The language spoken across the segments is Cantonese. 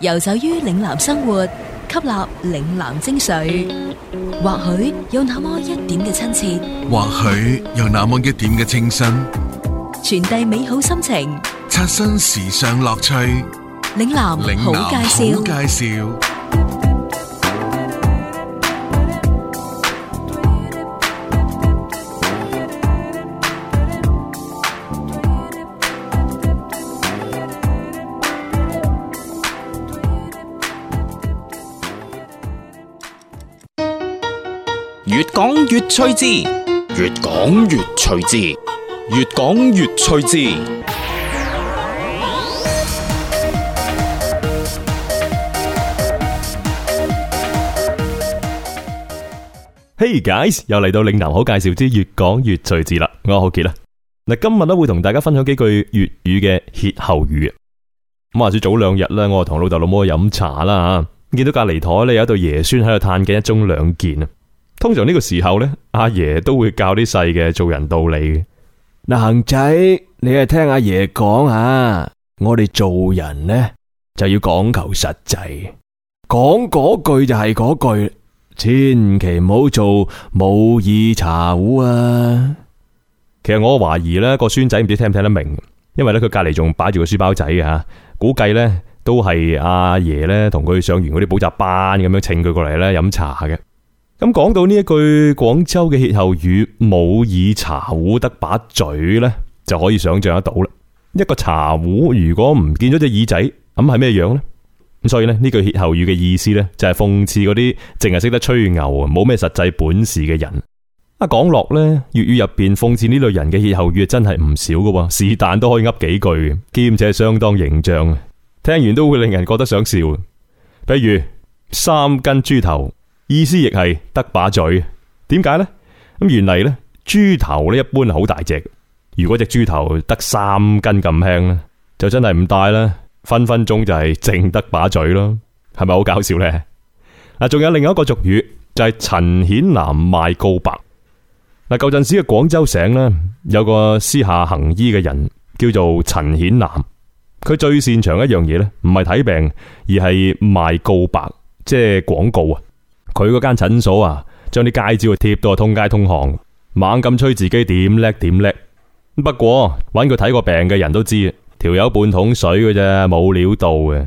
遊走於嶺南生活，吸納嶺南精髓，或許有那麼一點嘅親切，或許有那麼一點嘅清新，傳遞美好心情，刷新時尚樂趣。嶺南好介紹，嶺南好介紹。越趣字，越講越趣字，越講越趣字。Hey guys，又嚟到嶺南好介紹啲粵講粵趣字啦！我係何杰啦。嗱，今日咧會同大家分享幾句粵語嘅歇後語啊。咁話說早兩日咧，我同老豆老母去飲茶啦啊，見到隔籬台咧有一對爺孫喺度嘆緊一盅兩件啊。通常呢個時候呢，阿爺都會教啲細嘅做人道理嘅。嗱，恒仔，你係聽阿爺講啊，我哋做人呢就要講求實際，講嗰句就係嗰句，千祈唔好做冇耳茶壺啊！其實我懷疑呢，個孫仔唔知聽唔聽得明，因為呢，佢隔籬仲擺住個書包仔啊，估計呢，都係阿爺呢同佢上完嗰啲補習班咁樣請佢過嚟呢飲茶嘅。咁講到呢一句廣州嘅歇後語冇耳茶壺得把嘴呢，就可以想象得到啦。一個茶壺如果唔見咗隻耳仔，咁係咩樣呢？咁所以呢呢句歇後語嘅意思呢，就係諷刺嗰啲淨係識得吹牛，冇咩實際本事嘅人。一講落呢，粵語入邊諷刺呢類人嘅歇後語真係唔少噶，是但都可以噏幾句，兼且相當形象，聽完都會令人覺得想笑。比如三斤豬頭，意思亦係得把嘴，點解呢？咁原嚟呢，豬頭呢一般好大隻。如果隻豬隻豬頭得三斤咁輕呢，就真係唔大啦，分分鐘就係淨得把嘴咯，係咪好搞笑呢？嗱，仲有另一個俗語就係陳顯南賣告白嗱。舊陣時嘅廣州省呢，有個私下行醫嘅人叫做陳顯南，佢最擅長一樣嘢呢，唔係睇病，而係賣告白，即係廣告啊。佢嗰間診所啊，將啲街招貼到係通街通巷，猛咁吹自己點叻點叻。不過揾佢睇過病嘅人都知啊，條友半桶水嘅啫，冇料到嘅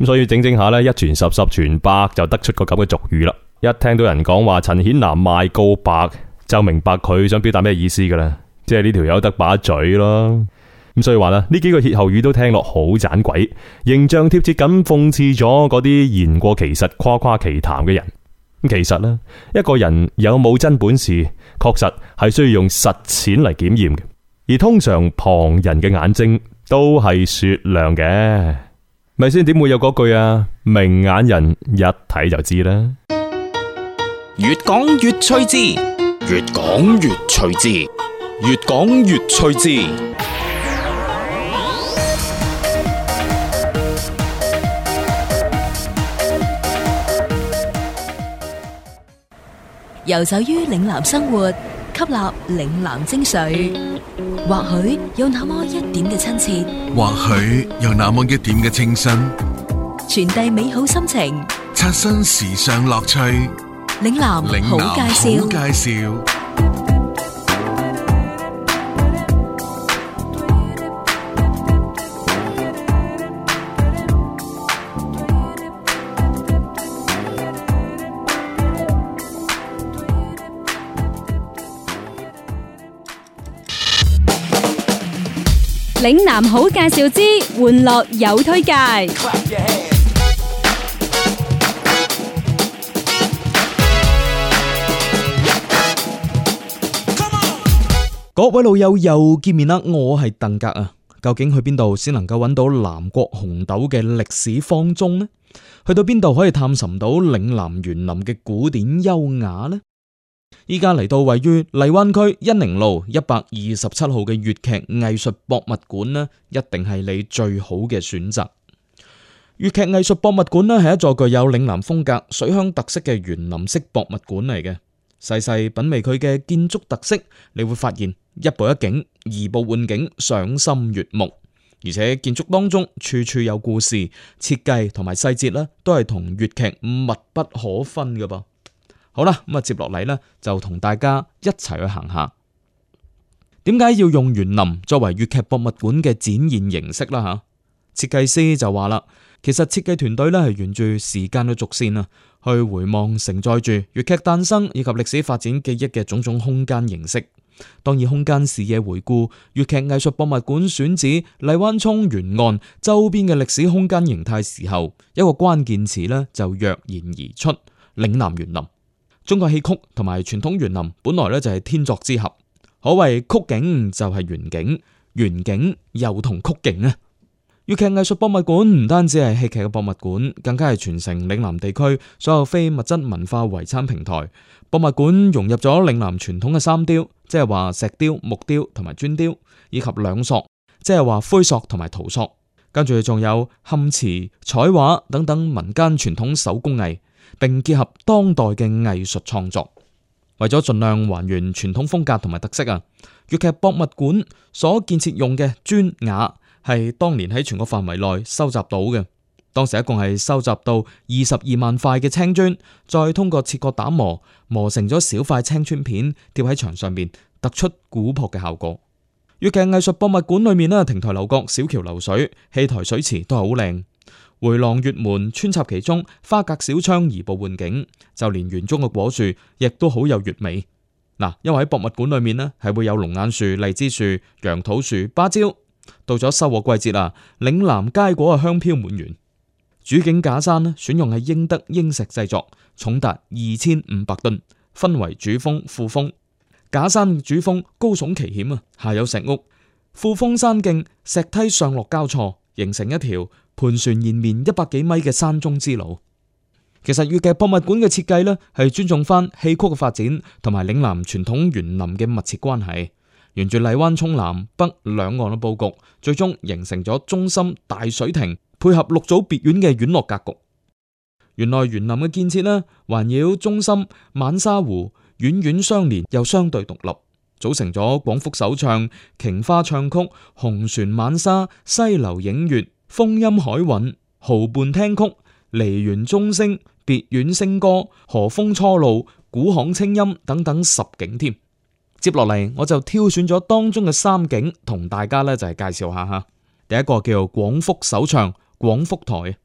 咁，所以整整下呢，一傳十十傳百就得出個咁嘅俗語啦。一聽到人講話陳顯南賣告白，就明白佢想表達咩意思㗎啦。即係呢條友得把嘴咯咁，所以話呢，呢幾個歇後語都聽落好盞鬼，形象貼切咁諷刺咗嗰啲言過其實誇誇其談嘅人。其實咧，一個人有冇真本事，確實係需要用實踐嚟檢驗嘅。而通常旁人嘅眼睛都係雪亮嘅，咪先點會有嗰句啊？明眼人一睇就知啦。越講越趣致，越講越趣致，越講越趣致。遊走於嶺南生活，吸納嶺南精髓，或許有那麼一點嘅親切，或許有那麼一點嘅清新，傳遞美好心情，刷新時尚樂趣。嶺南好介紹。嶺南好介紹之，玩樂有推介。各位老友又見面啦，我係鄧格啊。究竟去邊度先能夠揾到南國紅豆嘅歷史芳蹤呢？去到邊度可以探尋到嶺南園林嘅古典優雅呢？依家嚟到位於荔灣區恩寧路一百二十七號嘅粵劇藝術博物館呢，一定係你最好嘅選擇。粵劇藝術博物館呢係一座具有嶺南風格、水鄉特色嘅園林式博物館嚟嘅。細細品味佢嘅建築特色，你會發現一步一景，移步換景，賞心悅目。而且建築當中處處有故事，設計同埋細節呢都係同粵劇密不可分嘅噃。好啦，咁啊，接落嚟咧，就同大家一齊去行下。點解要用園林作為粵劇博物館嘅展現形式啦？吓，設計師就話啦，其實設計團隊咧係沿住時間嘅軸線啊，去回望承載住粵劇誕生以及歷史發展記憶嘅種種空間形式。當以空間視野回顧粵劇藝術博物館選址荔灣涌沿岸周邊嘅歷史空間形態時候，一個關鍵詞咧就躍然而出——嶺南園林。中國戲曲同埋傳統園林本來咧就係天作之合，可謂曲景就係園景，園景又同曲境。啊！粵劇藝術博物館唔單止係戲劇嘅博物館，更加係傳承嶺南地區所有非物質文化遺產平台。博物館融入咗嶺南傳統嘅三雕，即係話石雕、木雕同埋磚雕，以及兩塑，即係話灰塑同埋陶塑，跟住仲有嵌瓷、彩畫等等民間傳統手工藝。並結合當代嘅藝術創作，為咗盡量還原傳統風格同埋特色啊，粵劇博物館所建設用嘅磚瓦係當年喺全國範圍內收集到嘅，當時一共係收集到二十二萬塊嘅青磚，再通過切割打磨磨成咗小塊青磚片，貼喺牆上面，突出古朴嘅效果。粵劇藝術博物館裏面呢，亭台樓閣、小橋流水、戲台水池都係好靚。回廊月門穿插其中，花格小窗移步換景，就連園中嘅果樹亦都好有月味。嗱，因為喺博物館裏面咧，係會有龍眼樹、荔枝樹、楊桃樹、芭蕉。到咗收穫季節啦，嶺南佳果啊香飄滿園。主景假山咧，選用係英德英石製作，重達二千五百噸，分為主峰、副峰。假山主峰高聳奇險啊，下有石屋；副峰山徑、石梯上落交錯，形成一條，盤旋延綿一百幾米嘅山中之路，其實粵劇博物館嘅設計呢，係尊重翻戲曲嘅發展同埋嶺南傳統園林嘅密切關係，沿住荔灣涌南北兩岸嘅布局，最終形成咗中心大水亭配合六組別院嘅院落格局。原來園林嘅建設呢，環繞中心晚沙湖，遠遠相連又相對獨立，組成咗廣福首唱、瓊花唱曲、紅船晚沙、西流影月。風音海韻、濠畔聽曲、梨園鐘聲、別院笙歌、荷風初露、古巷清音等等十景添。接落嚟我就挑選咗當中嘅三景同大家呢就係介紹下吓。第一個叫做「廣福首唱」，廣福台。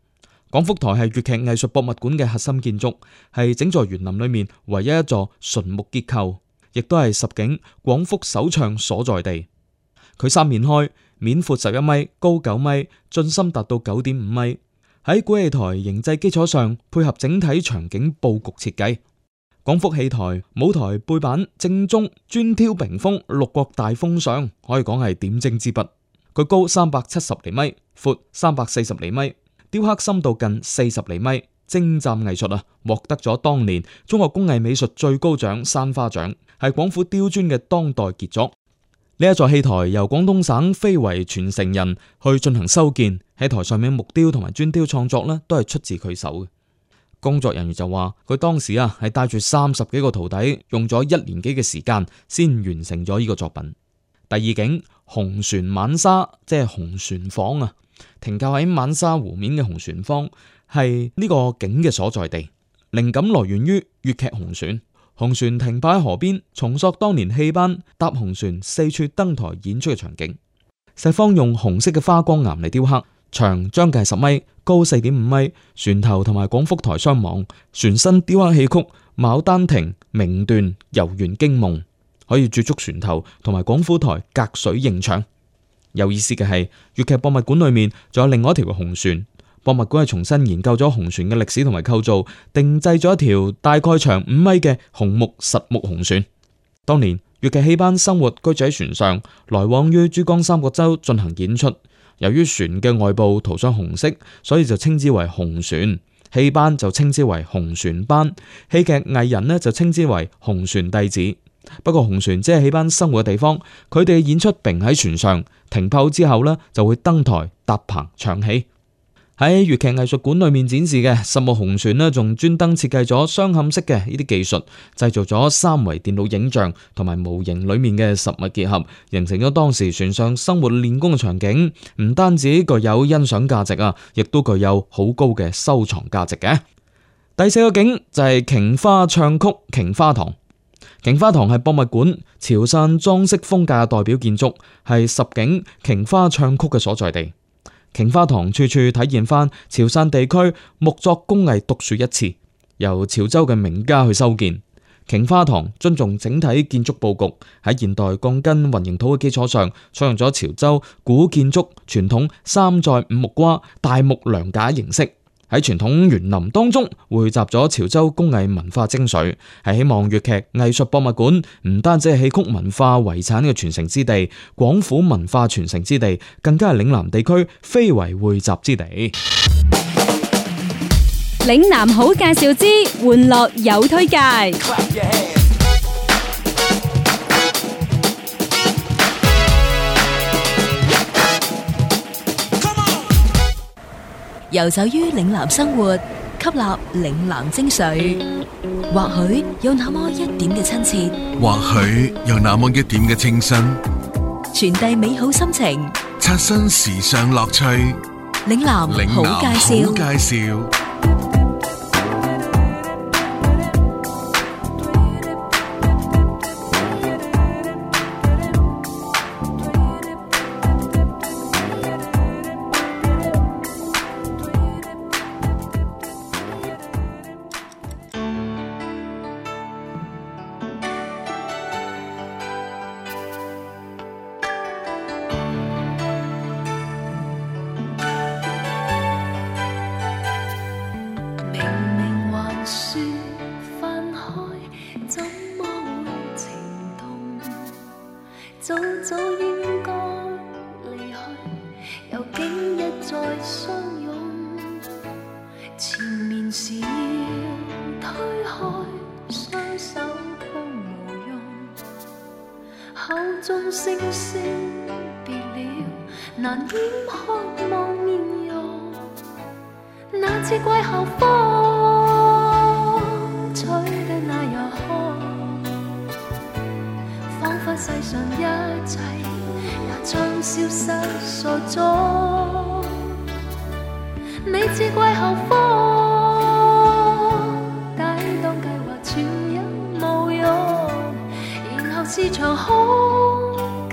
廣福台係粵劇藝術博物館嘅核心建築，係整座園林裏面唯一一座純木結構，亦都係十景廣福首唱所在地。佢三面開。面闊十一米，高九米，進深達到九點五米。喺古戲台形制基礎上，配合整體場景布局設計，廣福戲台舞台背板正中專挑屏風六國大封相，可以講係點睛之筆。佢高三百七十厘米，闊三百四十厘米，雕刻深度近四十厘米，精湛藝術啊！獲得咗當年中國工藝美術最高獎山花獎，係廣府雕磚嘅當代傑作。呢一座戲臺由廣東省非遺傳承人去進行修建，喺台上面木雕同埋磚雕創作呢都係出自佢手嘅。工作人員就話佢當時啊係帶住三十幾個徒弟，用咗一年幾嘅時間先完成咗呢個作品。第二景紅船晚沙，即係紅船舫啊，停靠喺晚沙湖面嘅紅船舫，係呢個景嘅所在地，靈感來源於粵劇紅船。紅船停泊喺河邊，重塑當年戲班搭紅船四處登台演出嘅場景。石方用紅色嘅花崗岩嚟雕刻，長將近十米，高四點五米，船頭同埋廣福台相望，船身雕刻戲曲《牡丹亭》名段《遊園驚夢》，可以駐足船頭同埋廣福台隔水迎搶。有意思嘅係，粵劇博物館裏面仲有另外一條嘅紅船。博物館係重新研究咗紅船嘅歷史同埋構造，定制咗一條大概長五米嘅紅木實木紅船。當年粵劇戲班生活居住喺船上，來往於珠江三角洲進行演出。由於船嘅外部塗上紅色，所以就稱之為紅船。戲班就稱之為紅船班，戲劇藝，藝人呢就稱之為紅船弟子。不過紅船只係戲班生活嘅地方，佢哋嘅演出並喺船上，停泊之後呢就會登台搭棚唱戲。喺粵劇藝術館裏面展示嘅《十木紅船》呢，仲專登設計咗雙嵌式嘅呢啲技術，製造咗三維電腦影像同埋模型裏面嘅實物結合，形成咗當時船上生活練功嘅場景。唔單止具有欣賞價值啊，亦都具有好高嘅收藏價值嘅。第四個景就係瓊花唱曲瓊花堂。瓊花堂係博物館潮汕裝飾風格嘅代表建築，係十景瓊花唱曲嘅所在地。瓊花堂處處體現翻潮汕地區木作工藝獨樹一幟，由潮州嘅名家去修建。瓊花堂尊重整體建築佈局，喺現代鋼筋混凝土嘅基礎上，採用咗潮州古建築傳統三載五木瓜大木樑架形式。喺傳統園林當中匯集咗潮州工藝文化精髓，係希望粵劇藝術博物館唔單止係戲曲文化遺產嘅傳承之地，廣府文化傳承之地，更加係嶺南地區非遺匯集之地。嶺南好介紹之，玩樂有推介。遊走於嶺南生活，吸納嶺南精髓，或許有那麼一點嘅親切，或許有那麼一點嘅清新，傳遞美好心情，刷新時尚樂趣。嶺南好介紹。口中聲聲別了，難掩渴望面容。那次季候風吹得那樣兇，仿佛世上一切也將消失所蹤。你似季候風。長空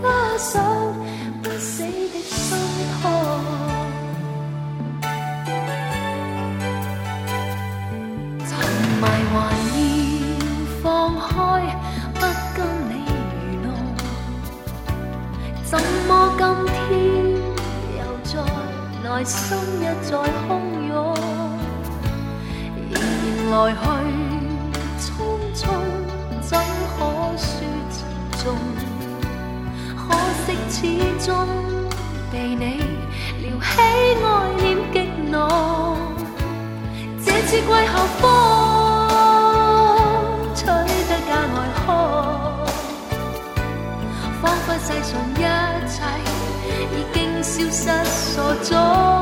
加上不死的心痛，沉 迷懷念放開，不跟你娛樂。 怎麼今天又再內心一再洶湧，依 然來去。中被你撩起愛念極濃， 這次季候風吹得格外兇，仿 佛世上一切已經消失所蹤。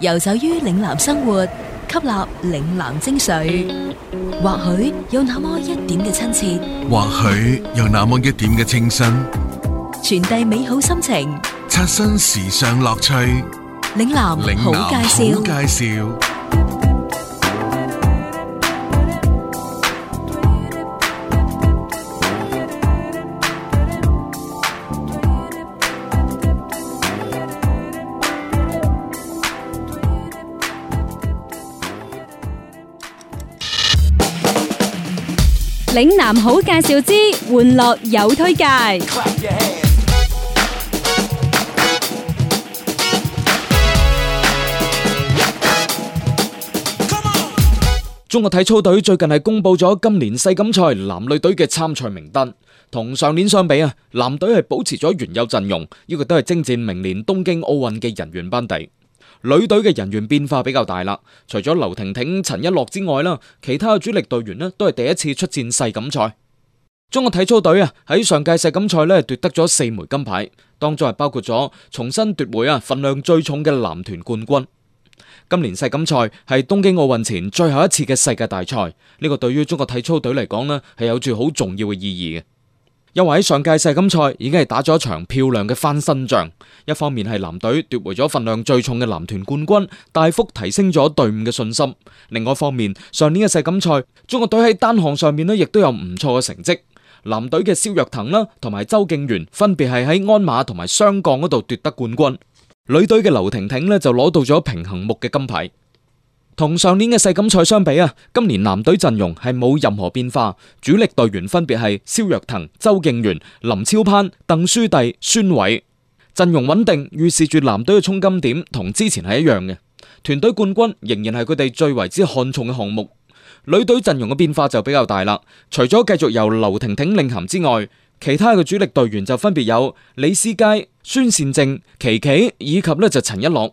遊走於嶺南生活，吸納嶺南精髓，或許有那麼一點嘅親切，或許有那麼一點嘅清新，傳遞美好心情，刷新時尚樂趣。嶺南好介紹，嶺南好介紹。嶺南好介紹之，玩樂有推介。中國體操隊最近係公佈咗今年世錦賽男女隊嘅參賽名單，同上年相比啊，男隊係保持咗原有陣容，呢個都係征戰明年東京奧運嘅人員班底。女隊嘅人員變化比較大啦，除咗劉婷婷、陳一樂之外啦，其他嘅主力隊員咧都係第一次出戰世錦賽。中國體操隊啊喺上屆世錦賽咧奪得咗四枚金牌，當中係包括咗重新奪回啊分量最重嘅男團冠軍。今年世錦賽係東京奧運前最後一次嘅世界大賽，呢、這個對於中國體操隊嚟講咧係有住好重要嘅意義嘅。因為喺上屆世錦賽已經係打咗場漂亮嘅翻身仗，一方面係男隊奪回咗份量最重嘅男團冠軍，大幅提升咗隊伍嘅信心，另外一方面，上年嘅世錦賽，中國隊喺單項上面呢亦都有唔錯嘅成績。男隊嘅肖若騰啦，同埋周敬源分別係喺鞍馬同埋雙槓嗰度奪得冠軍，女隊嘅劉婷婷呢就攞到咗平衡木嘅金牌。同上年嘅世錦賽相比啊，今年男隊陣容係冇任何變化，主力隊員分別係肖若騰、周敬源、林超攀、鄧書弟、孫偉，陣容穩定，預示住男隊嘅衝金點同之前係一樣嘅。團隊冠軍仍然係佢哋最為之看重嘅項目。女隊陣容嘅變化就比較大啦，除咗繼續由劉婷婷領銜之外，其他嘅主力隊員就分別有李思佳、孫善正、琪琪以及呢就陳一樂。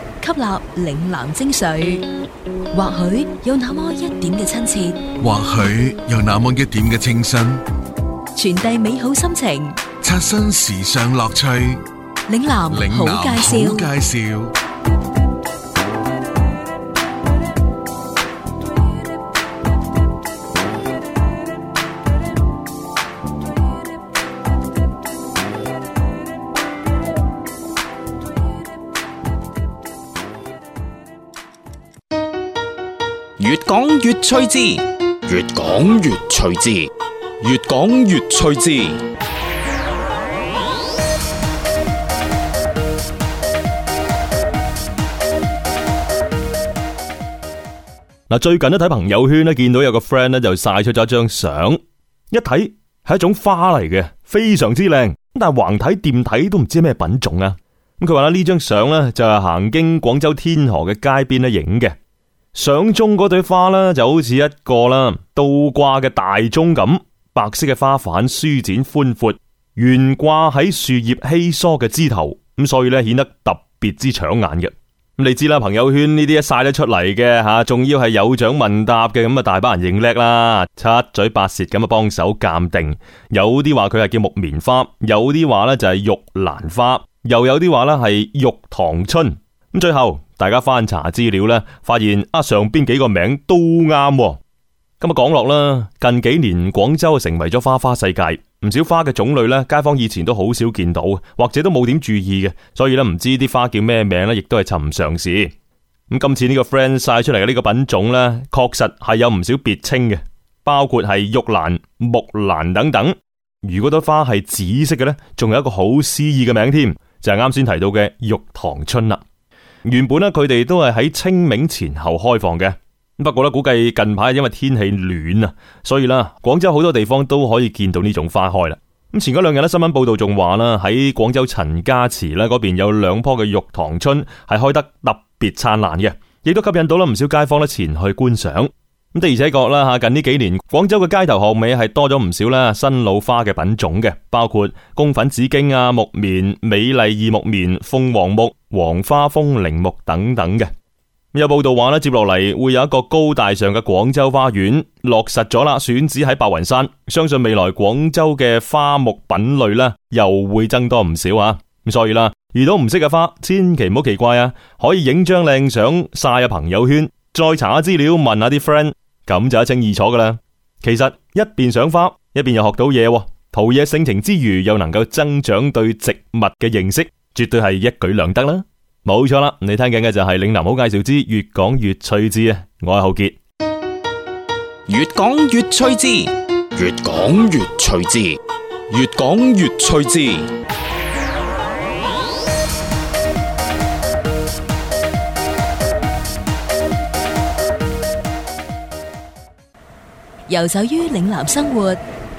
吸納嶺南精髓，或許有那麼一點嘅親切，或許有那麼一點嘅清新，傳遞美好心情，刷新時尚樂趣。嶺南好介紹。越趣致，越講越趣致，越講越趣致。嗱，最近咧睇朋友圈咧，見到有個 friend 咧就晒出咗一張相，一睇係一種花嚟嘅，非常之靚。咁但係橫睇掂睇都唔知咩品種啊。咁佢話呢張相呢，就係行經廣州天河嘅街邊咧影嘅。相中嗰對花啦，就好似一個啦倒掛嘅大鐘咁，白色嘅花瓣舒展寬闊，懸掛喺樹葉稀疏嘅枝頭，咁所以咧顯得特別之搶眼嘅。咁你知啦，朋友圈呢啲晒得出嚟嘅吓，仲要係有獎問答嘅，咁啊大把人認叻啦，七嘴八舌咁啊幫手鑒定，有啲話佢係叫木棉花，有啲話咧就係玉蘭花，又有啲話咧係玉堂春，咁最後。大家翻查資料咧，發現啊上邊幾個名都啱喎。咁啊講落啦，近幾年廣州成為咗花花世界，唔少花嘅種類咧，街坊以前都好少見到，或者都冇點注意嘅，所以咧唔知啲花叫咩名咧，亦都係尋常事。咁今次呢個 friend 曬出嚟嘅呢個品種咧，確實係有唔少別稱嘅，包括係玉蘭、木蘭等等。如果朵花係紫色嘅咧，仲有一個好詩意嘅名添，就係啱先提到嘅玉堂春啦。原本咧，佢哋都係喺清明前後開放嘅。不過咧，估計近排因為天氣暖啊，所以啦，廣州好多地方都可以見到呢種花開啦。咁前嗰兩日咧，新聞報道仲話啦，喺廣州陳家祠呢嗰邊有兩棵嘅玉堂春係開得特別燦爛嘅，亦都吸引到啦唔少街坊咧前去觀賞。咁的而且確啦吓，近呢幾年，廣州嘅街頭巷尾係多咗唔少啦新老花嘅品種嘅，包括宮粉紫荊啊、木棉、美麗異木棉、鳳凰木，黃花風鈴木等等嘅，有報道話咧，接落嚟會有一個高大上嘅廣州花園落實咗啦，選址喺白雲山，相信未來廣州嘅花木品類呢，又會增多唔少啊！咁所以啦，遇到唔識嘅花，千祈唔好奇怪啊，可以影張靚相晒入朋友圈，再查下資料，問下啲 friend，咁就一清二楚噶啦。其實一邊賞花，一邊又學到嘢，陶冶性情之餘，又能夠增長對植物嘅認識。絕對係一舉兩得啦，冇錯啦！你聽緊嘅就係嶺南好介紹之越講越趣致啊，我係浩傑。越講越趣致，越講越趣致，越講越趣致，遊走於嶺南生活。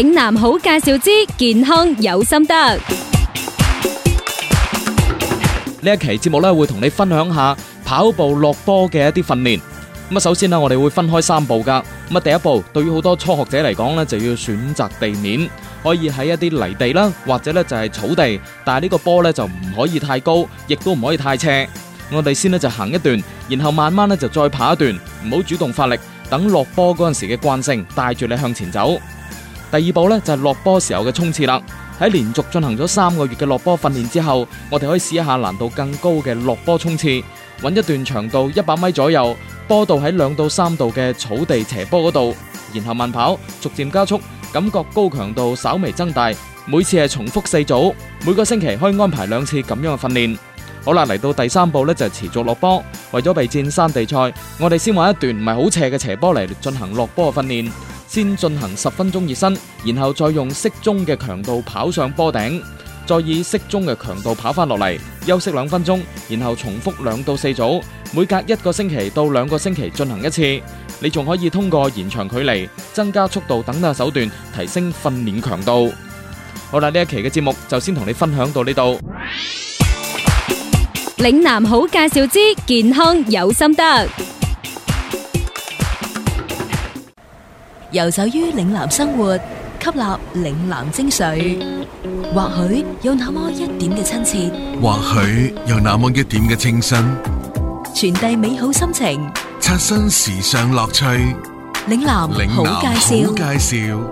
嶺南好介紹之健康有心得，呢一期節目咧會同你分享下跑步落坡嘅一啲訓練。咁首先咧我哋會分開三步噶。咁第一步對於好多初學者嚟講咧就要選擇地面，可以喺一啲泥地啦，或者咧就係草地。但係呢個坡呢，就唔可以太高，亦都唔可以太斜。我哋先咧就行一段，然後慢慢咧就再跑一段，唔好主動發力，等落坡嗰陣時嘅慣性帶住你向前走。第二步咧就係落坡時候嘅衝刺啦。喺連續進行咗三個月嘅落坡訓練之後，我哋可以試一下難度更高嘅落坡衝刺，揾一段長度一百米左右，坡度喺兩到三度嘅草地斜坡嗰度，然後慢跑，逐漸加速，感覺高強度稍微增大。每次係重複四組，每個星期可以安排兩次咁樣嘅訓練。好啦，嚟到第三步咧就係持續落坡。為咗備戰山地賽，我哋先揾一段唔係好斜嘅斜坡嚟進行落坡嘅訓練。先進行十分鐘熱身，然後再用適中嘅強度跑上坡頂，再以適中嘅強度跑翻落嚟，休息兩分鐘，然後重複兩到四組，每隔一個星期到兩個星期進行一次。你仲可以通過延長距離、增加速度等等手段提升訓練強度。好啦，呢一期嘅節目就先同你分享到呢度。嶺南好介紹之健康有心得。游走於嶺南生活，吸納嶺南精髓，或許有那麼一點嘅親切，或許有那麼一點嘅清新，傳遞美好心情，刷新時尚樂趣。嶺南好介紹。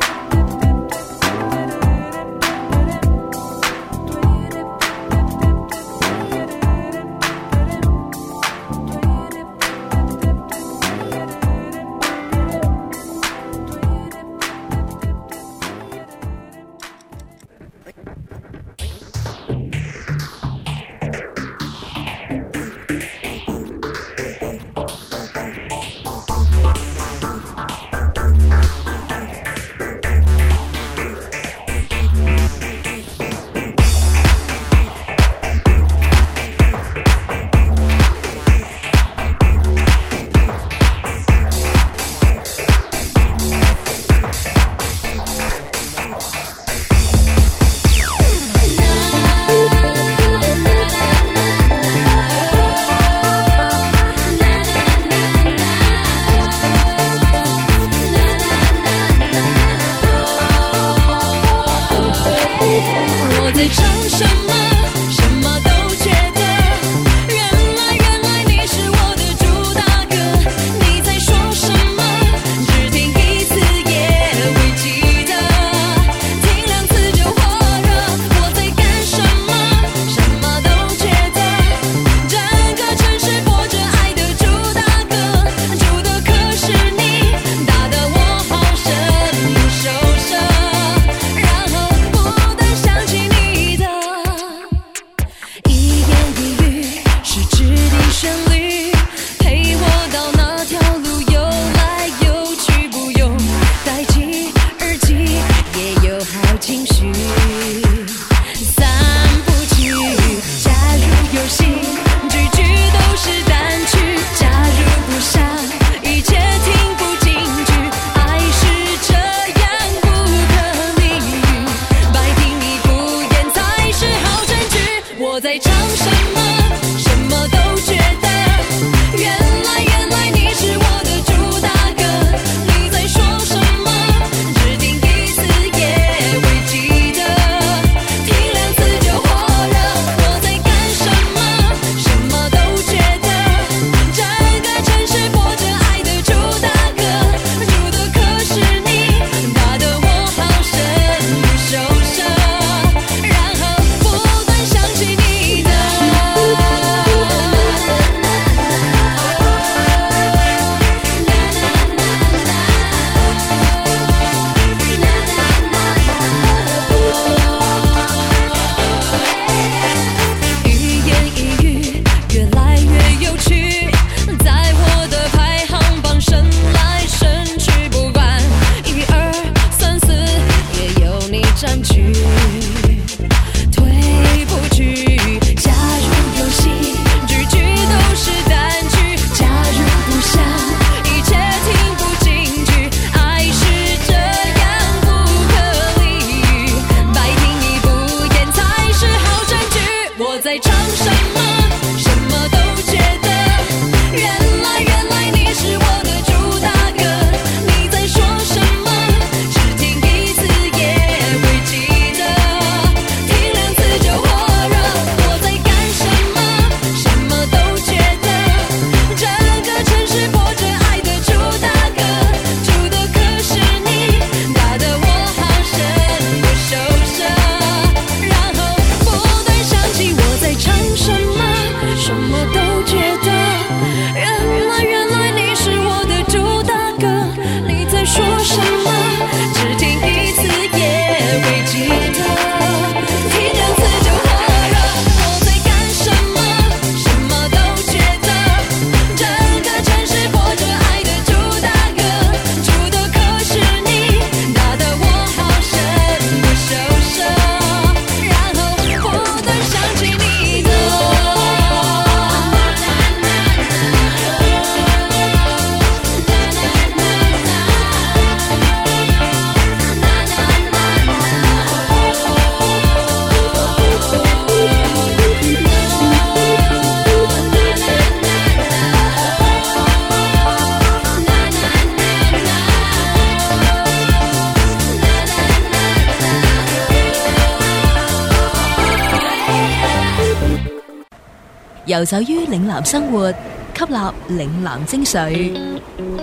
游走於嶺南生活，吸納嶺南精髓，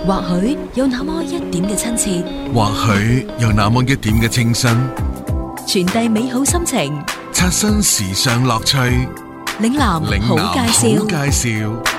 或許有那麼一點嘅親切，或許有那麼一點嘅清新，傳遞美好心情，刷新時尚樂趣。嶺南好介紹。